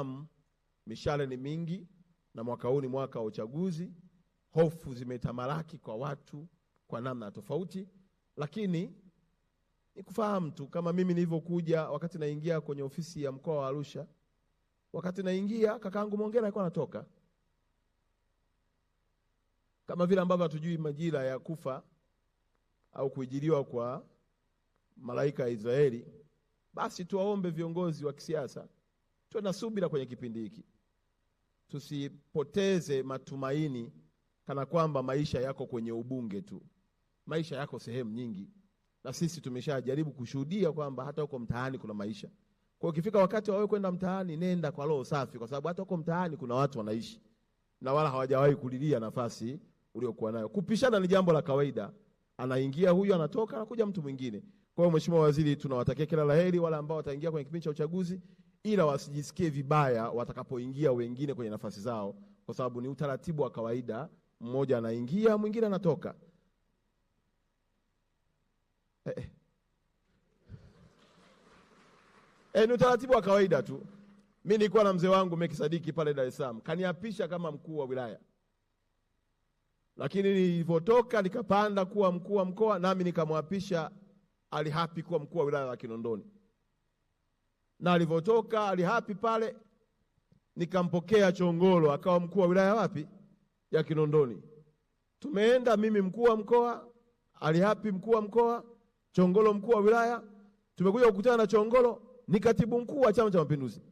tunafahamu mishale ni mingi na mwaka huu ni mwaka wa uchaguzi. Hofu zimetamalaki kwa watu kwa namna tofauti, lakini ni kufahamu tu, kama mimi nilivyokuja wakati naingia kwenye ofisi ya mkoa wa Arusha, wakati naingia kakaangu Mongera alikuwa anatoka, kama vile ambavyo hatujui majira ya kufa au kuijiliwa kwa malaika ya Israeli, basi tuwaombe viongozi wa kisiasa Tuwe na subira kwenye kipindi hiki, tusipoteze matumaini kana kwamba maisha yako kwenye ubunge tu. Maisha yako sehemu nyingi, na sisi tumeshajaribu kushuhudia kwamba hata huko mtaani kuna maisha. Kwa hiyo ukifika wakati wawe kwenda mtaani, nenda kwa roho safi, kwa sababu hata huko mtaani kuna watu wanaishi na wala hawajawahi kulilia nafasi uliokuwa nayo. Kupishana ni jambo la kawaida, anaingia huyu, anatoka, anakuja mtu mwingine. Kwa hiyo Mheshimiwa Waziri, tunawatakia kila la heri wale ambao wataingia kwenye kipindi cha uchaguzi ila wasijisikie vibaya watakapoingia wengine kwenye nafasi zao, kwa sababu ni utaratibu wa kawaida, mmoja anaingia mwingine anatoka. Eh, eh. eh ni utaratibu wa kawaida tu. Mimi nilikuwa na mzee wangu mekisadiki Sadiki pale Dar es Salaam, kaniapisha kama mkuu wa wilaya, lakini nilivyotoka nikapanda kuwa mkuu wa mkoa, nami nikamwapisha alihapi kuwa mkuu wa wilaya wa Kinondoni na alivyotoka alihapi pale, nikampokea Chongolo akawa mkuu wa wilaya wapi ya Kinondoni. Tumeenda mimi mkuu wa mkoa, alihapi mkuu wa mkoa, Chongolo mkuu wa wilaya. Tumekuja kukutana na Chongolo, ni katibu mkuu wa Chama cha Mapinduzi.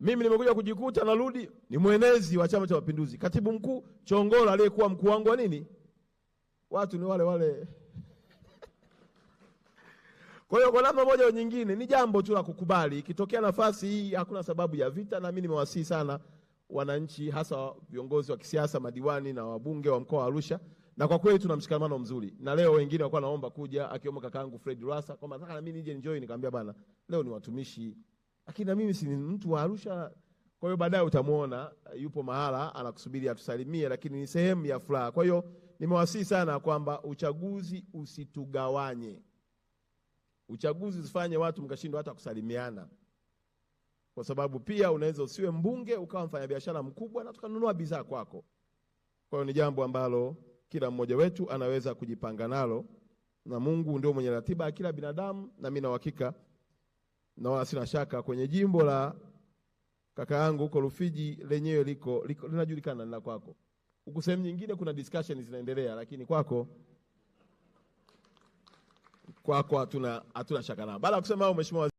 Mimi nimekuja kujikuta narudi ni mwenezi wa Chama cha Mapinduzi, katibu mkuu Chongolo aliyekuwa mkuu wangu wa nini. Watu ni wale wale. Kwa hiyo kwa namna moja au nyingine ni jambo tu la kukubali. Ikitokea nafasi hii, hakuna sababu ya vita, na mimi nimewasihi sana wananchi, hasa viongozi wa kisiasa, madiwani na wabunge wa mkoa wa Arusha, na kwa kweli tuna mshikamano mzuri, na leo wengine walikuwa naomba kuja, akiomba kakaangu Fred Rasa kwamba nataka na mimi nije enjoy, nikamwambia bana, leo ni watumishi, lakini na mimi si ni mtu wa Arusha. Kwa hiyo baadaye utamwona yupo mahala anakusubiri atusalimie, lakini ni sehemu ya furaha. Kwa hiyo nimewasihi sana kwamba uchaguzi usitugawanye. Uchaguzi usifanye watu mkashindwa hata kusalimiana, kwa sababu pia unaweza usiwe mbunge ukawa mfanyabiashara mkubwa na tukanunua bidhaa kwako. Kwa hiyo ni jambo ambalo kila mmoja wetu anaweza kujipanga nalo, na Mungu ndio mwenye ratiba ya kila binadamu, na mimi na uhakika na wala sina shaka kwenye jimbo la kaka yangu huko Rufiji lenyewe liko, liko linajulikana na kwako. Huku sehemu nyingine kuna discussion zinaendelea, lakini kwako kwako kwa hatuna shaka nao. Baada ya kusema hayo, mheshimiwa